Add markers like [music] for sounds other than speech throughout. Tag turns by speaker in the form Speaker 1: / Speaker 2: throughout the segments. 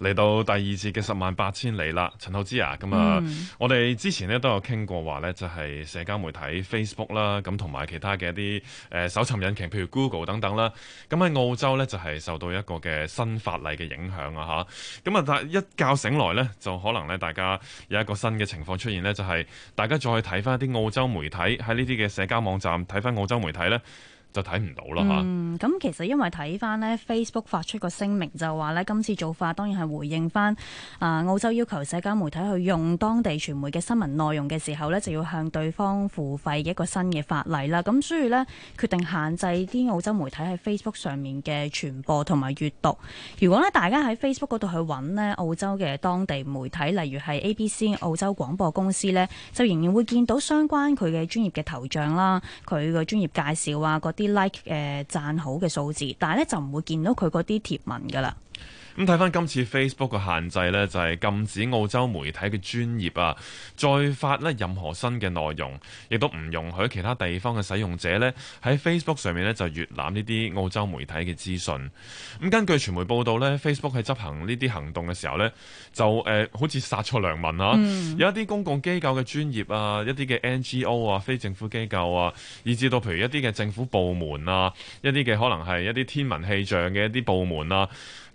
Speaker 1: 嚟到第二節嘅十萬八千里啦，陳浩之啊，咁啊、嗯，我哋之前咧都有傾過話咧，就係社交媒體 Facebook 啦，咁同埋其他嘅一啲誒搜尋引擎，譬如 Google 等等啦，咁喺澳洲咧就係受到一個嘅新法例嘅影響啊吓，咁啊但係一覺醒來咧，就可能咧大家有一個新嘅情況出現咧，就係、是、大家再睇翻一啲澳洲媒體喺呢啲嘅社交網站睇翻澳洲媒體咧。就睇唔到啦吓，嗯、
Speaker 2: 咁其實因為睇翻咧，Facebook 發出個聲明就話咧，今次做法當然係回應翻啊、呃、澳洲要求社交媒體去用當地傳媒嘅新聞內容嘅時候咧，就要向對方付費嘅一個新嘅法例啦。咁所以咧，決定限制啲澳洲媒體喺 Facebook 上面嘅傳播同埋閱讀。如果咧大家喺 Facebook 度去揾咧澳洲嘅當地媒體例如係 ABC 澳洲廣播公司咧，就仍然會見到相關佢嘅專業嘅頭像啦，佢嘅專業介紹啊啲。like 誒、呃、讚好嘅數字，但係咧就唔會見到佢嗰啲貼文㗎啦。
Speaker 1: 咁睇翻今次 Facebook 嘅限制呢，就係禁止澳洲媒體嘅專業啊，再發呢任何新嘅內容，亦都唔容許其他地方嘅使用者呢，喺 Facebook 上面呢，就閱覽呢啲澳洲媒體嘅資訊。咁根據傳媒報道呢、嗯、Facebook 喺執行呢啲行動嘅時候呢，就誒、呃、好似殺錯良民啊！嗯、有一啲公共機構嘅專業啊，一啲嘅 NGO 啊，非政府機構啊，以至到譬如一啲嘅政府部門啊，一啲嘅可能係一啲天文氣象嘅一啲部門啊。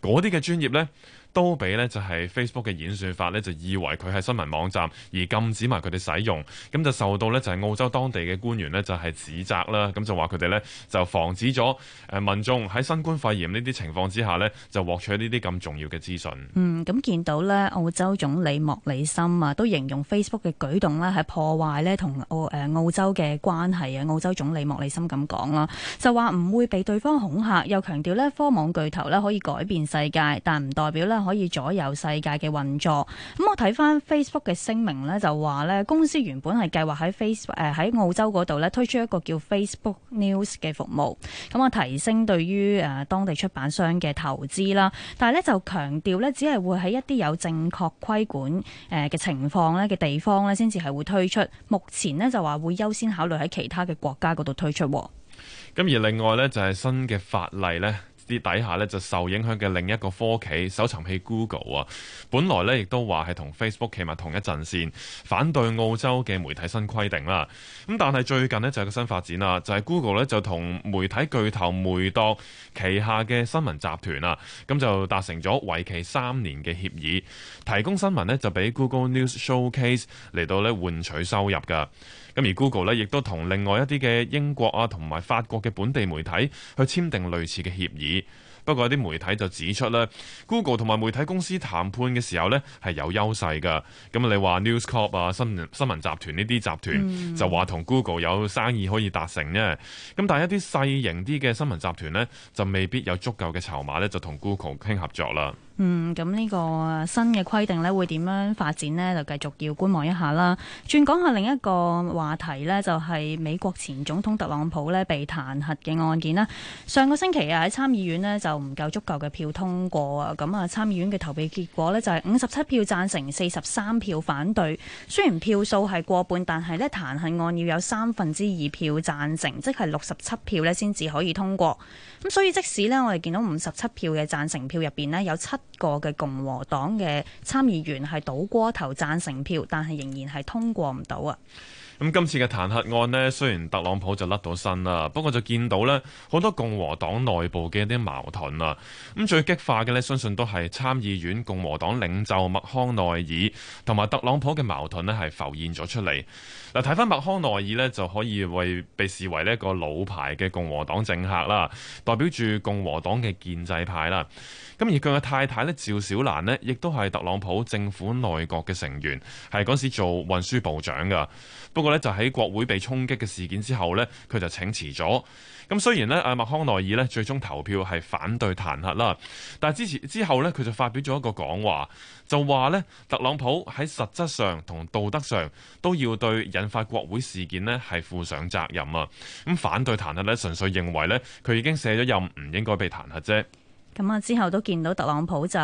Speaker 1: 嗰啲嘅專業咧，都俾呢就係 Facebook 嘅演算法呢就以為佢係新聞網站而禁止埋佢哋使用，咁就受到呢就係澳洲當地嘅官員呢就係指責啦，咁就話佢哋呢就防止咗誒民眾喺新冠肺炎呢啲情況之下呢就獲取呢啲咁重要嘅資訊。
Speaker 2: 嗯，咁見到呢澳洲總理莫里森啊，都形容 Facebook 嘅舉動呢係破壞呢同澳誒澳洲嘅關係啊。澳洲總理莫里森咁講啦，就話唔會被對方恐嚇，又強調呢科網巨頭呢可以改變世界，但唔代表咧，可以左右世界嘅運作。咁我睇翻 Facebook 嘅聲明呢就話呢，公司原本係計劃喺 Facebook 誒喺澳洲嗰度呢推出一個叫 Facebook News 嘅服務。咁，啊提升對於誒當地出版商嘅投資啦。但係咧就強調呢，只係會喺一啲有正確規管誒嘅情況呢嘅地方呢先至係會推出。目前呢就話會優先考慮喺其他嘅國家嗰度推出。咁
Speaker 1: 而另外呢，就係新嘅法例呢。啲底下咧就受影響嘅另一個科企搜尋器 Google 啊，本來咧亦都話係同 Facebook 企埋同一陣線，反對澳洲嘅媒體新規定啦。咁但係最近呢，就係個新發展啦，就係、是、Google 咧就同媒體巨頭梅鐸旗下嘅新聞集團啦，咁就達成咗為期三年嘅協議，提供新聞呢，就俾 Google News Showcase 嚟到咧換取收入㗎。咁而 Google 咧，亦都同另外一啲嘅英國啊，同埋法國嘅本地媒體去簽訂類似嘅協議。不過，有啲媒體就指出咧，Google 同埋媒體公司談判嘅時候咧，係有優勢㗎。咁你話 News Corp 啊，新聞新聞集團呢啲集團就話同 Google 有生意可以達成呢。咁但係一啲細型啲嘅新聞集團呢，就未必有足夠嘅籌碼咧，就同 Google 傾合作啦。
Speaker 2: 嗯，咁呢個新嘅規定呢會點樣發展呢？就繼續要觀望一下啦。轉講下另一個話題呢就係美國前總統特朗普呢被彈劾嘅案件啦。上個星期啊，喺參議院呢，就唔夠足夠嘅票通過啊。咁啊，參議院嘅投票結果呢，就係五十七票贊成，四十三票反對。雖然票數係過半，但係呢彈劾案要有三分之二票贊成，即係六十七票呢先至可以通過。咁所以即使呢，我哋見到五十七票嘅贊成票入面呢，有七個嘅共和黨嘅參議員係倒戈投贊成票，但係仍然係通過唔到啊！
Speaker 1: 咁今次嘅彈劾案呢，雖然特朗普就甩到身啦，不過就見到呢好多共和黨內部嘅一啲矛盾啊。咁最激化嘅呢，相信都係參議院共和黨領袖麥康奈爾同埋特朗普嘅矛盾呢，係浮現咗出嚟。嗱，睇返麥康奈爾呢，就可以為被視為呢一個老牌嘅共和黨政客啦，代表住共和黨嘅建制派啦。咁而佢嘅太太呢，趙小蘭呢，亦都係特朗普政府內閣嘅成員，係嗰時做運輸部長㗎。不過呢，就喺國會被衝擊嘅事件之後呢，佢就請辭咗。咁雖然呢，阿麥康奈爾呢最終投票係反對彈劾啦，但係之前之後呢，佢就發表咗一個講話，就話呢，特朗普喺實質上同道德上都要對人引發國會事件呢，係負上責任啊！咁反對彈劾呢，純粹認為呢，佢已經卸咗任，唔應該被彈劾啫。
Speaker 2: 咁啊，之後都見到特朗普就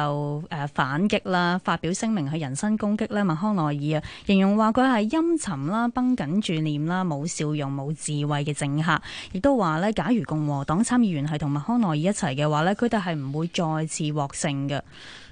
Speaker 2: 誒反擊啦，發表聲明去人身攻擊呢，麥康奈爾啊，形容話佢係陰沉啦，繃緊住念啦，冇笑容，冇智慧嘅政客，亦都話呢，假如共和黨參議員係同麥康奈爾一齊嘅話呢，佢哋係唔會再次獲勝嘅。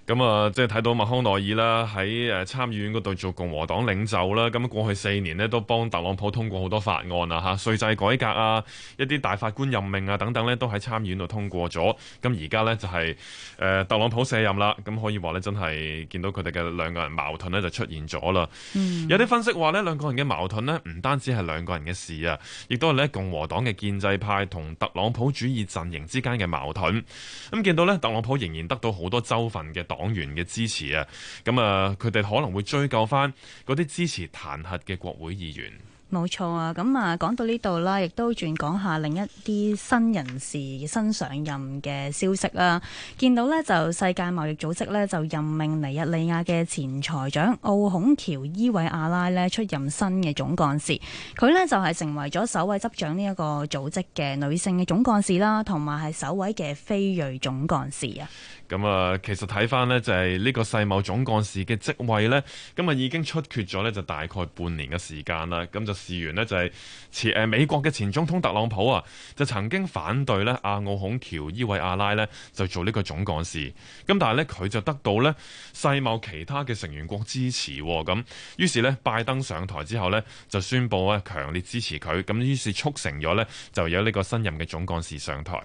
Speaker 1: 咁啊，即係睇到麥康奈爾啦，喺誒參議院嗰度做共和黨領袖啦。咁過去四年咧，都幫特朗普通過好多法案啊，吓，稅制改革啊，一啲大法官任命啊等等咧，都喺參議院度通過咗。咁而家咧就係誒特朗普卸任啦，咁可以話咧，真係見到佢哋嘅兩個人矛盾咧就出現咗啦。嗯，有啲分析話咧，兩個人嘅矛盾咧，唔單止係兩個人嘅事啊，亦都係咧共和黨嘅建制派同特朗普主義陣營之間嘅矛盾。咁見到咧，特朗普仍然得到好多州份嘅黨黨員嘅支持啊，咁啊，佢哋可能會追究返嗰啲支持彈劾嘅國會議員。
Speaker 2: 冇錯啊！咁啊，講到呢度啦，亦都轉講下另一啲新人士新上任嘅消息啊。見到呢，就世界貿易組織呢，就任命尼日利亞嘅前財長奧孔喬伊韋阿拉呢，出任新嘅總幹事。佢呢，就係成為咗首位執掌呢一個組織嘅女性嘅總幹事啦，同埋係首位嘅非裔總幹事啊！
Speaker 1: 咁啊，其實睇翻呢，就係呢個世貿總幹事嘅職位呢。咁啊，已經出缺咗呢，就大概半年嘅時間啦。咁就事源呢就係前誒、啊、美國嘅前總統特朗普啊，就曾經反對咧阿奧孔喬伊韋阿拉咧就做呢個總幹事，咁但係咧佢就得到咧世貿其他嘅成員國支持，咁、啊、於是咧拜登上台之後咧就宣布咧、啊、強烈支持佢，咁、啊、於是促成咗咧就有呢個新任嘅總幹事上台。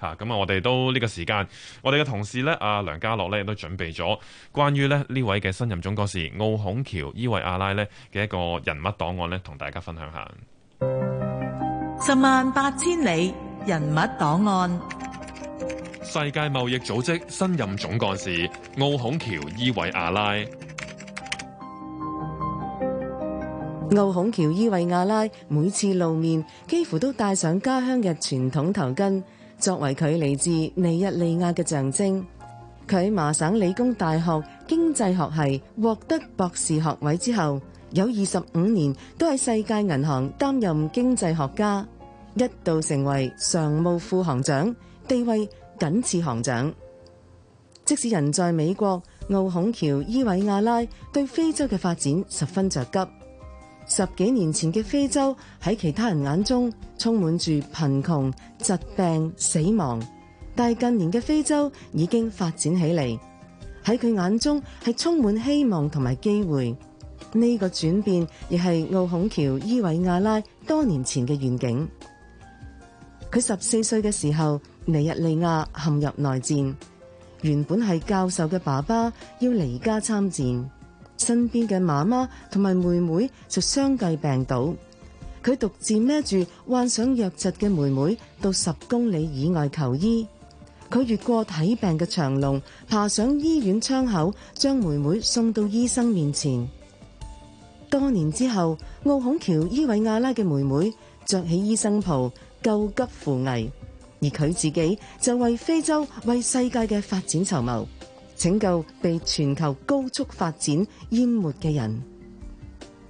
Speaker 1: 嚇咁啊！我哋都呢個時間，我哋嘅同事呢，阿梁家樂呢，都準備咗關於咧呢這位嘅新任總幹事奧孔喬-伊韋阿拉呢嘅一個人物檔案呢同大家分享下。
Speaker 3: 十萬八
Speaker 4: 千里人物檔案。
Speaker 1: 世界貿易組織新任總幹事奧孔喬-伊韋阿拉。
Speaker 3: 奧孔喬-伊韋阿拉每次露面，幾乎都戴上家鄉嘅傳統頭巾。作為佢嚟自尼日利亞嘅象徵，佢喺麻省理工大學經濟學系獲得博士學位之後，有二十五年都喺世界銀行擔任經濟學家，一度成為常務副行長，地位僅次行長。即使人在美國，奧孔喬伊韋阿拉對非洲嘅發展十分着急。十幾年前嘅非洲喺其他人眼中充滿住貧窮、疾病、死亡，但係近年嘅非洲已經發展起嚟，喺佢眼中係充滿希望同埋機會。呢個轉變亦係奧孔喬-伊韋阿拉多年前嘅願景。佢十四歲嘅時候，尼日利亞陷入內戰，原本係教授嘅爸爸要離家參戰。身邊嘅媽媽同埋妹妹就相繼病倒，佢獨自孭住患上瘧疾嘅妹妹到十公里以外求醫。佢越過睇病嘅長龍，爬上醫院窗口，將妹妹送到醫生面前。多年之後，奧孔喬-伊韋阿拉嘅妹妹着起醫生袍救急扶危，而佢自己就為非洲、為世界嘅發展籌謀。拯救被全球高速發展淹沒嘅人，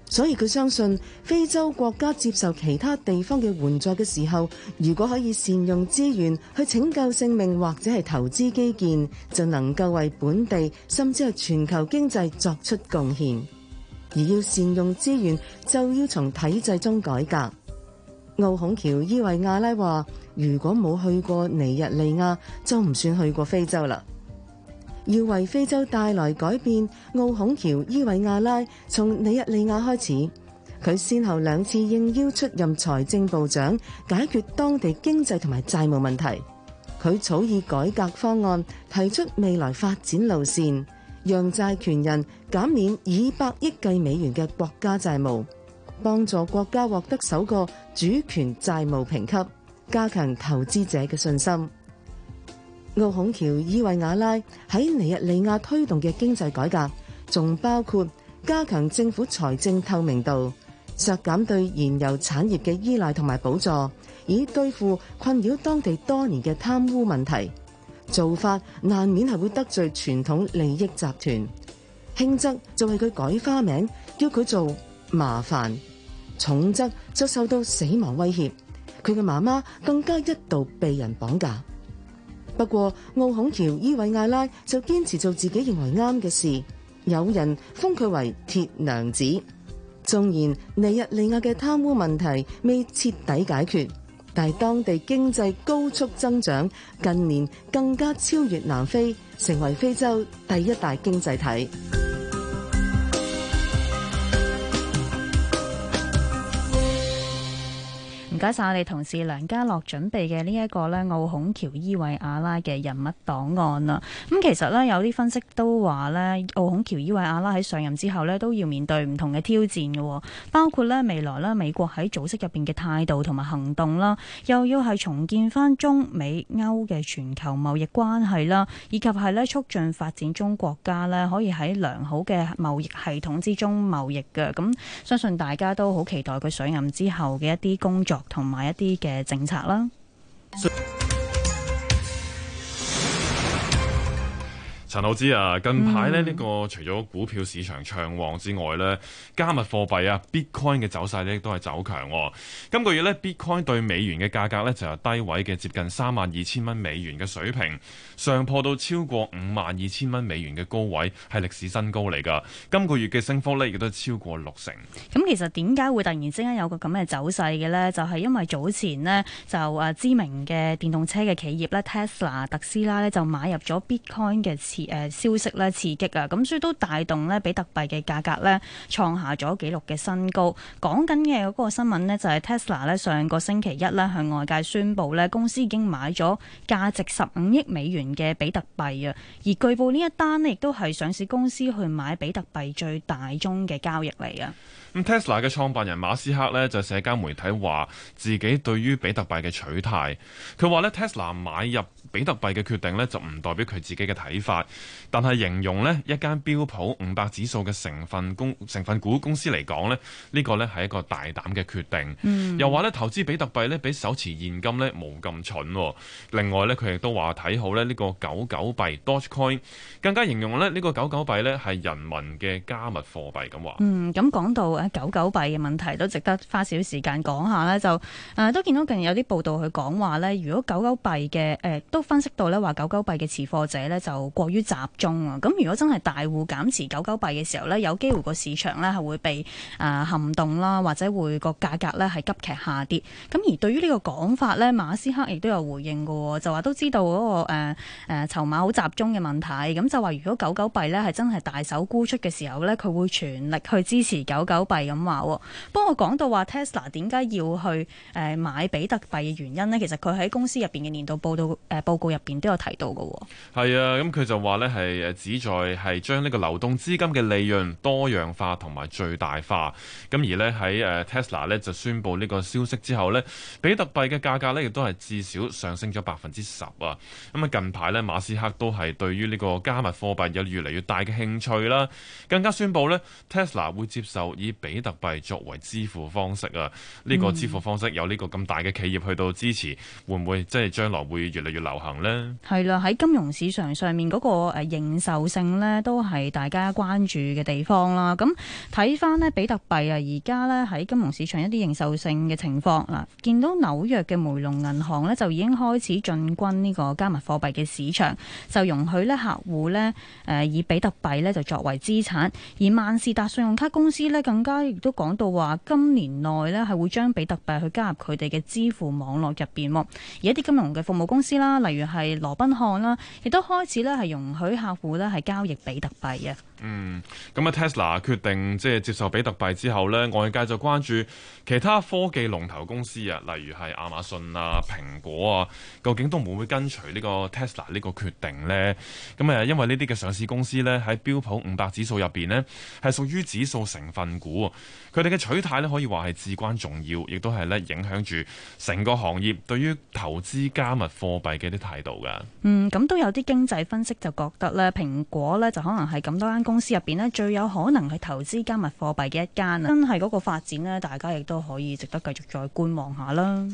Speaker 3: 所以佢相信非洲國家接受其他地方嘅援助嘅時候，如果可以善用資源去拯救性命或者係投資基建，就能夠為本地甚至係全球經濟作出貢獻。而要善用資源，就要從體制中改革。奧孔喬-伊韋阿拉話，如果冇去過尼日利亞，就唔算去過非洲啦。要為非洲帶來改變，奧孔喬-伊韋阿拉從尼日利亞開始，佢先後兩次應邀出任財政部長，解決當地經濟同埋債務問題。佢草擬改革方案，提出未來發展路線，讓債權人減免以百億計美元嘅國家債務，幫助國家獲得首個主權債務評級，加強投資者嘅信心。奧孔喬-伊韋阿拉喺尼日利亞推動嘅經濟改革，仲包括加強政府財政透明度、削減對燃油產業嘅依賴同埋補助，以對付困擾當地多年嘅貪污問題。做法難免係會得罪傳統利益集團，輕則就為佢改花名，叫佢做麻煩；重則就受到死亡威脅。佢嘅媽媽更加一度被人綁架。不過，奧孔喬伊韋阿拉就堅持做自己認為啱嘅事，有人封佢為鐵娘子。縱然尼日利亞嘅貪污問題未徹底解決，但係當地經濟高速增長，近年更加超越南非，成為非洲第一大經濟體。
Speaker 2: 解晒，謝謝我哋同事梁家樂準備嘅呢一個咧奧孔喬-伊韋阿拉嘅人物檔案啦。咁其實咧有啲分析都話咧奧孔喬-伊韋阿拉喺上任之後咧都要面對唔同嘅挑戰嘅，包括咧未來咧美國喺組織入邊嘅態度同埋行動啦，又要係重建翻中美歐嘅全球貿易關係啦，以及係咧促進發展中國家咧可以喺良好嘅貿易系統之中貿易嘅。咁相信大家都好期待佢上任之後嘅一啲工作。同埋一啲嘅政策啦。So
Speaker 1: 陳老師啊，近排呢呢個除咗股票市場暢旺之外呢、嗯、加密貨幣啊，Bitcoin 嘅走勢呢都係走強，哦。今個月呢 Bitcoin 對美元嘅價格呢，就係、是、低位嘅，接近三萬二千蚊美元嘅水平，上破到超過五萬二千蚊美元嘅高位係歷史新高嚟㗎。今個月嘅升幅呢，亦都超過六成。
Speaker 2: 咁其實點解會突然之間有個咁嘅走勢嘅呢？就係、是、因為早前呢，就誒、啊、知名嘅電動車嘅企業咧 Tesla 特斯拉呢，就買入咗 Bitcoin 嘅。誒消息咧刺激啊，咁所以都帶動咧，比特幣嘅價格咧創下咗紀錄嘅新高。講緊嘅嗰個新聞呢就係 Tesla 咧上個星期一咧向外界宣布咧，公司已經買咗價值十五億美元嘅比特幣啊。而據報呢一單呢亦都係上市公司去買比特幣最大宗嘅交易嚟啊。咁
Speaker 1: Tesla 嘅創辦人馬斯克呢就社交媒體話自己對於比特幣嘅取態，佢話呢 Tesla 買入。比特幣嘅決定咧就唔代表佢自己嘅睇法，但係形容咧一間標普五百指數嘅成分公成分股公司嚟講咧，呢個咧係一個大膽嘅決定。嗯、又話咧投資比特幣咧比手持現金咧冇咁蠢。另外咧佢亦都話睇好咧呢個狗狗幣 Dogecoin，d 更加形容咧呢個狗狗幣咧係人民嘅加密貨幣咁話。嗯，
Speaker 2: 咁講到誒、呃、狗狗幣嘅問題都值得花少少時間講下，呢就誒、呃、都見到近日有啲報道去講話呢如果狗狗幣嘅誒、呃都分析到咧，話狗狗幣嘅持貨者呢就過於集中啊。咁如果真係大戶減持狗狗幣嘅時候呢，有機會個市場呢係會被誒撼、呃、動啦，或者會個價格呢係急劇下跌。咁而對於呢個講法呢，馬斯克亦都有回應嘅，就話都知道嗰、那個誒誒籌碼好集中嘅問題。咁就話如果狗狗幣呢係真係大手沽出嘅時候呢，佢會全力去支持狗狗幣咁話。不過講到話 Tesla 點解要去誒、呃、買比特幣嘅原因呢？其實佢喺公司入邊嘅年度報道、呃報告入邊都有提到嘅，
Speaker 1: 係啊，咁佢就話呢，係誒旨在係將呢個流動資金嘅利潤多樣化同埋最大化。咁而呢，喺誒 Tesla 呢，就宣布呢個消息之後呢，比特幣嘅價格呢，亦都係至少上升咗百分之十啊。咁啊近排呢，馬斯克都係對於呢個加密貨幣有越嚟越大嘅興趣啦，更加宣布呢 Tesla 會接受以比特幣作為支付方式啊。呢個支付方式有呢個咁大嘅企業去到支持，會唔會即係將來會越嚟越流行？行咧，
Speaker 2: 係啦，喺金融市場上面嗰個誒認受性咧，都係大家關注嘅地方啦。咁睇翻咧比特幣啊，而家咧喺金融市場一啲認受性嘅情況，嗱，見到紐約嘅梅隆銀行咧就已經開始進軍呢個加密貨幣嘅市場，就容許咧客戶咧誒以比特幣咧就作為資產。而萬事達信用卡公司咧更加亦都講到話，今年內咧係會將比特幣去加入佢哋嘅支付網絡入邊。而一啲金融嘅服務公司啦，例如係羅賓漢啦，亦都開始咧係容許客戶咧係交易比特幣啊。
Speaker 1: 嗯，咁啊 Tesla 決定，即係接受比特幣之後咧，外界就關注其他科技龍頭公司啊，例如係亞馬遜啊、蘋果啊，究竟都唔會跟隨呢個 Tesla 呢個決定咧？咁、嗯、啊，因為呢啲嘅上市公司咧喺標普五百指數入邊咧，係屬於指數成分股，佢哋嘅取態咧可以話係至關重要，亦都係咧影響住成個行業對於投資加密貨幣嘅啲態度噶。
Speaker 2: 嗯，咁都有啲經濟分析就覺得咧，蘋果咧就可能係咁多間。公司入邊呢，最有可能係投資加密貨幣嘅一間，真係嗰個發展呢，大家亦都可以值得繼續再觀望下啦。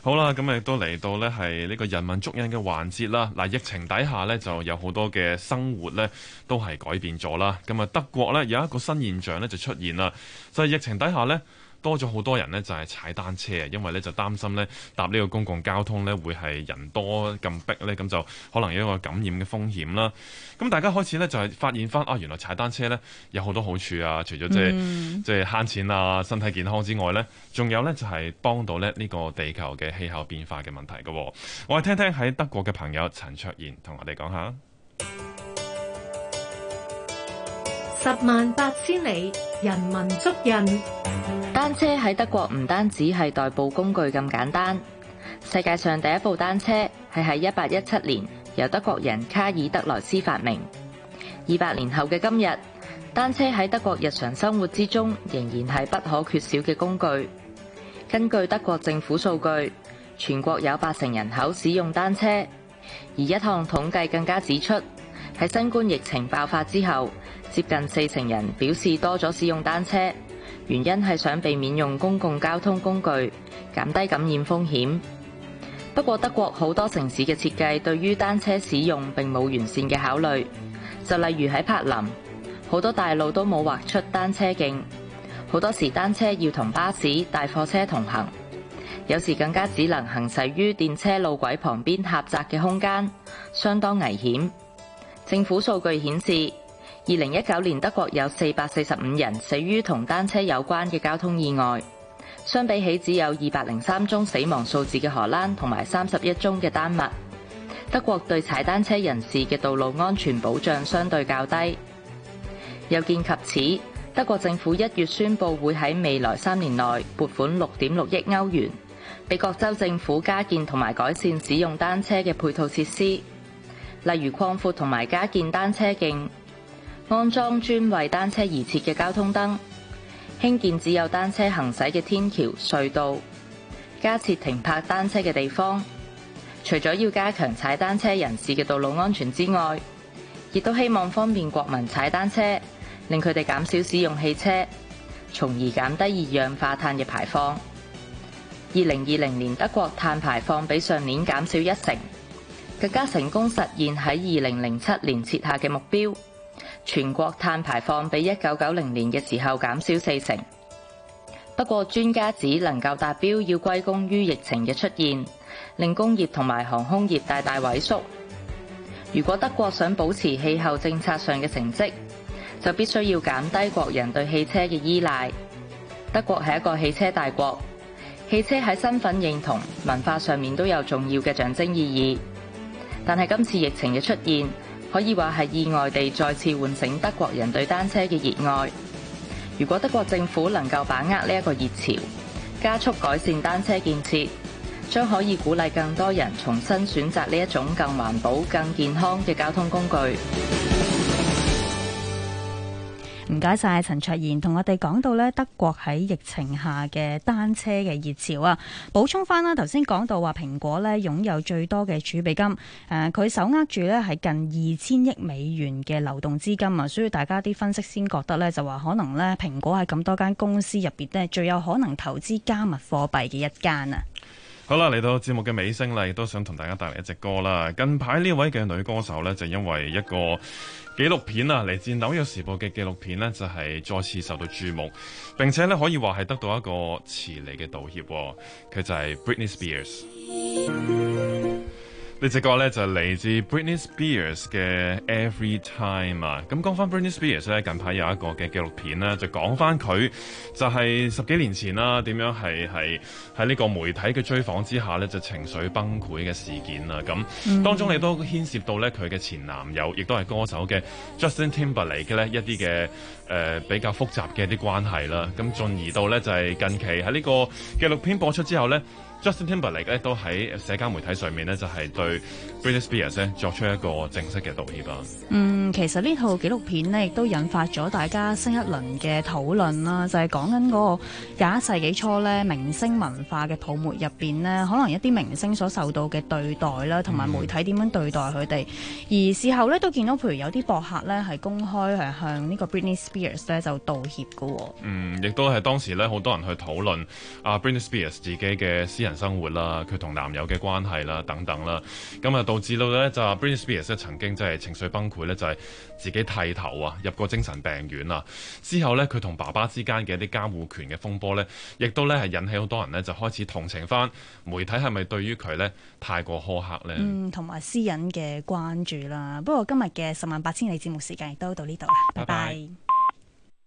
Speaker 1: 好啦，咁亦都嚟到呢係呢個人文足印嘅環節啦。嗱，疫情底下呢，就有好多嘅生活呢都係改變咗啦。咁啊，德國呢有一個新現象呢就出現啦。就係疫情底下呢，多咗好多人呢，就係踩單車啊，因為呢，就擔心呢，搭呢個公共交通呢，會係人多咁逼呢，咁就可能有一個感染嘅風險啦。咁大家開始呢，就係發現翻啊，原來踩單車呢，有好多好處啊，除咗即係即係慳錢啊、身體健康之外呢，仲有呢，就係幫到呢個地球嘅氣候變化嘅問題噶。我哋聽聽喺德國嘅朋友陳卓妍同我哋講下。
Speaker 4: 十萬八千里，人文足印。單車喺德國唔單止係代步工具咁簡單。世界上第一部單車係喺一八一七年由德國人卡爾德萊斯發明。二百年後嘅今日，單車喺德國日常生活之中仍然係不可缺少嘅工具。根據德國政府數據，全國有八成人口使用單車，而一項統計更加指出。喺新冠疫情爆發之後，接近四成人表示多咗使用單車，原因係想避免用公共交通工具，減低感染風險。不過德國好多城市嘅設計對於單車使用並冇完善嘅考慮，就例如喺柏林，好多大路都冇劃出單車徑，好多時單車要同巴士、大貨車同行，有時更加只能行駛於電車路軌旁邊狹窄嘅空間，相當危險。政府數據顯示，二零一九年德國有四百四十五人死於同單車有關嘅交通意外，相比起只有二百零三宗死亡數字嘅荷蘭同埋三十一宗嘅丹麥，德國對踩單車人士嘅道路安全保障相對較低。又見及此，德國政府一月宣布會喺未來三年內撥款六點六億歐元，俾各州政府加建同埋改善使用單車嘅配套設施。例如擴闊同埋加建單車徑，安裝專為單車而設嘅交通燈，興建只有單車行駛嘅天橋隧道，加設停泊單車嘅地方。除咗要加強踩單車人士嘅道路安全之外，亦都希望方便國民踩單車，令佢哋減少使用汽車，從而減低二氧化碳嘅排放。二零二零年德國碳排放比上年減少一成。更加成功實現喺二零零七年設下嘅目標，全國碳排放比一九九零年嘅時候減少四成。不過，專家指能夠達標要歸功於疫情嘅出現，令工業同埋航空業大大萎縮。如果德國想保持氣候政策上嘅成績，就必須要減低國人對汽車嘅依賴。德國係一個汽車大國，汽車喺身份認同、文化上面都有重要嘅象徵意義。但係今次疫情嘅出現，可以話係意外地再次喚醒德國人對單車嘅熱愛。如果德國政府能夠把握呢一個熱潮，加速改善單車建設，將可以鼓勵更多人重新選擇呢一種更環保、更健康嘅交通工具。
Speaker 2: 唔該晒，陳卓妍，同我哋講到呢，德國喺疫情下嘅單車嘅熱潮啊，補充翻啦，頭先講到話蘋果呢擁有最多嘅儲備金，誒佢手握住呢係近二千億美元嘅流動資金啊，所以大家啲分析先覺得呢，就話可能呢蘋果喺咁多間公司入邊呢最有可能投資加密貨幣嘅一間啊。
Speaker 1: 好啦，嚟到節目嘅尾聲啦，亦都想同大家帶嚟一隻歌啦。近排呢位嘅女歌手呢，就因為一個紀錄片啊，嚟自紐約時報嘅紀錄片呢，就係再次受到注目，並且呢可以話係得到一個遲嚟嘅道歉哦。佢就係 Britney Spears。 [music] 你呢隻歌咧就嚟自 Britney Spears 嘅 Every Time 啊，咁講翻 Britney Spears 咧近排有一個嘅紀錄片啦，就講翻佢就係十幾年前啦、啊、點樣係係喺呢個媒體嘅追訪之下咧就情緒崩潰嘅事件啊，咁當中你都牽涉到咧佢嘅前男友亦都係歌手嘅 Justin Timberlake 咧一啲嘅誒比較複雜嘅啲關係啦，咁進而到咧就係、是、近期喺呢個紀錄片播出之後咧。Justin Timberlake 咧，都喺社交媒體上面呢，就係、是、對 Britney Spears 咧作出一個正式嘅道歉啊。嗯，
Speaker 2: 其實呢套紀錄片呢亦都引發咗大家新一輪嘅討論啦、啊，就係講緊嗰個二十一世紀初咧，明星文化嘅泡沫入邊咧，可能一啲明星所受到嘅對待啦、啊，同埋媒體點樣對待佢哋。嗯、而事後咧，都見到譬如有啲博客咧，係公開係向這個呢個 Britney Spears 咧就道歉嘅、哦。嗯，
Speaker 1: 亦都係當時咧，好多人去討論啊、uh, Britney Spears 自己嘅私人生活啦，佢同男友嘅關係啦，等等啦，咁啊導致到咧就係 Britney Spears 曾經真係情緒崩潰咧，就係、是、自己剃頭啊，入過精神病院啊，之後咧佢同爸爸之間嘅一啲監護權嘅風波咧，亦都咧係引起好多人咧就開始同情翻，媒體係咪對於佢咧太過苛刻咧？嗯，
Speaker 2: 同埋私隱嘅關注啦。不過今日嘅十萬八千里節目時間亦都到呢度啦，拜
Speaker 1: 拜。拜拜